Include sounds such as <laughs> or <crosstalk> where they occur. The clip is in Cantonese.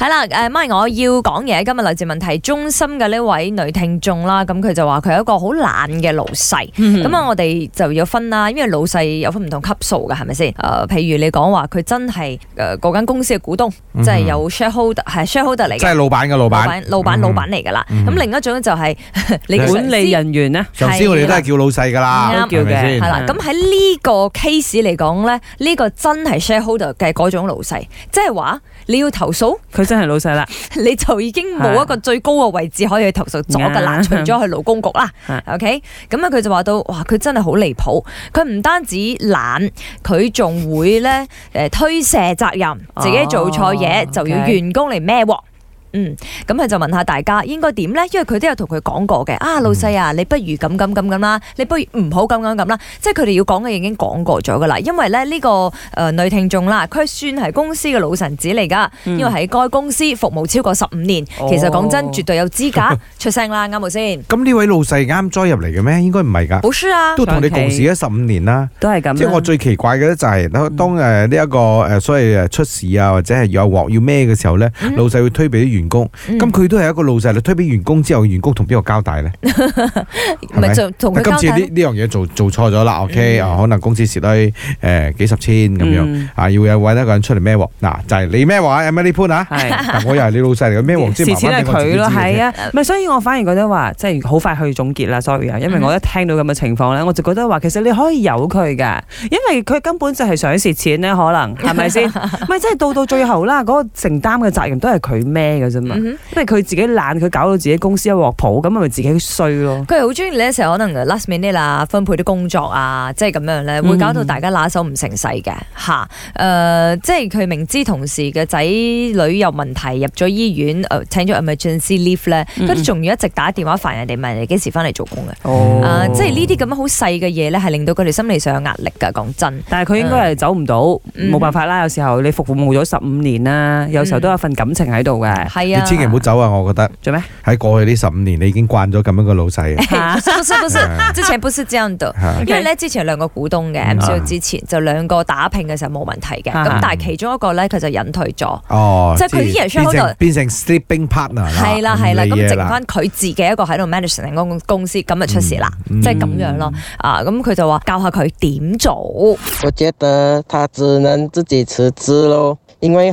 係啦，誒，咪我要講嘢。今日來自問題中心嘅呢位女聽眾啦，咁佢就話佢係一個好懶嘅老細。咁啊、嗯哼，我哋就要分啦，因為老細有分唔同級數嘅，係咪先？誒、呃，譬如你講話佢真係誒嗰間公司嘅股東，嗯、哼 holder，即係有 shareholder 係 shareholder 嚟嘅，即係老闆嘅老闆，老闆，老闆老闆嚟嘅啦。咁、嗯、哼另一種就係、是嗯、哼 <laughs> 你管理人員呢、啊。上司我哋都係叫老細㗎啦，係啦了。咁喺呢個 case 嚟講咧，呢、這個真係 shareholder 嘅嗰種老細，即係話你要投訴真係老細啦， <laughs> 你就已經冇一個最高嘅位置可以投、啊、去投訴咗噶啦，除咗去勞工局啦。啊、OK，咁啊佢就話到哇，佢真係好離譜，佢唔單止懶，佢仲會咧誒、呃、推卸責任，自己做錯嘢、哦、就要員工嚟孭鍋。Okay. 嗯，咁佢就問下大家應該點咧？因為佢都有同佢講過嘅。啊，老細啊，你不如咁咁咁咁啦，你不如唔好咁咁咁啦。即係佢哋要講嘅已經講過咗噶啦。因為咧呢、這個女、呃、聽眾啦，佢算係公司嘅老臣子嚟噶，因為喺該公司服務超過十五年，嗯、其實講真絕對有資格、哦、出聲啦，啱冇先？咁呢 <laughs> 位老細啱 join 入嚟嘅咩？應該唔係㗎。好啊，都同你共事咗十五年啦，都係咁、啊。即係我最奇怪嘅咧，就係當呢一、嗯呃這個所謂出事啊，或者係有鑊要咩嘅時候咧，嗯、老細會推俾員工，咁佢都係一個老細嚟，推俾員工之後，員工同邊個交代咧？係咪？今次呢呢樣嘢做做錯咗啦，OK 啊？可能公司蝕低誒幾十千咁樣啊，要有搵得一個人出嚟孭鑊。嗱，就係你孭鑊，Emily 潘啊，但係我又係你老細嚟嘅，孭鑊先。蝕錢係佢咯，係啊，咪所以我反而覺得話，即係好快去總結啦。Sorry 啊，因為我一聽到咁嘅情況咧，我就覺得話，其實你可以由佢噶，因為佢根本就係想蝕錢咧，可能係咪先？咪即係到到最後啦，嗰個承擔嘅責任都係佢孭嘅。嗯、因為佢自己懶，佢搞到自己公司一鑊泡，咁咪自己衰咯。佢係好中意呢一成，可能 last minute 啦、啊，分配啲工作啊，即係咁樣咧，會搞到大家拿手唔成勢嘅吓。誒、嗯啊呃，即係佢明知同事嘅仔女有問題入咗醫院，誒、呃，請咗 emergency leave 咧、嗯嗯，佢仲要一直打電話煩人哋，問人哋幾時翻嚟做工嘅、哦啊。即係呢啲咁樣好細嘅嘢咧，係令到佢哋心理上有壓力噶。講真，但係佢應該係走唔到，冇、嗯、辦法啦。有時候你服，服務咗十五年啦、啊，有時候都有份感情喺度嘅。嗯你千祈唔好走啊！我覺得做咩？喺過去呢十五年，你已經慣咗咁樣個老細啊！不是不是，之前不是這樣的。因為咧，之前有兩個股東嘅，MCO 之前就兩個打拼嘅時候冇問題嘅。咁但係其中一個咧，佢就隱退咗。哦，即係佢啲人變成 sleeping partner。係啦係啦，咁剩翻佢自己一個喺度 management 公司，咁就出事啦，即係咁樣咯。啊，咁佢就話教下佢點做。我覺得他只能自己辭職咯，因為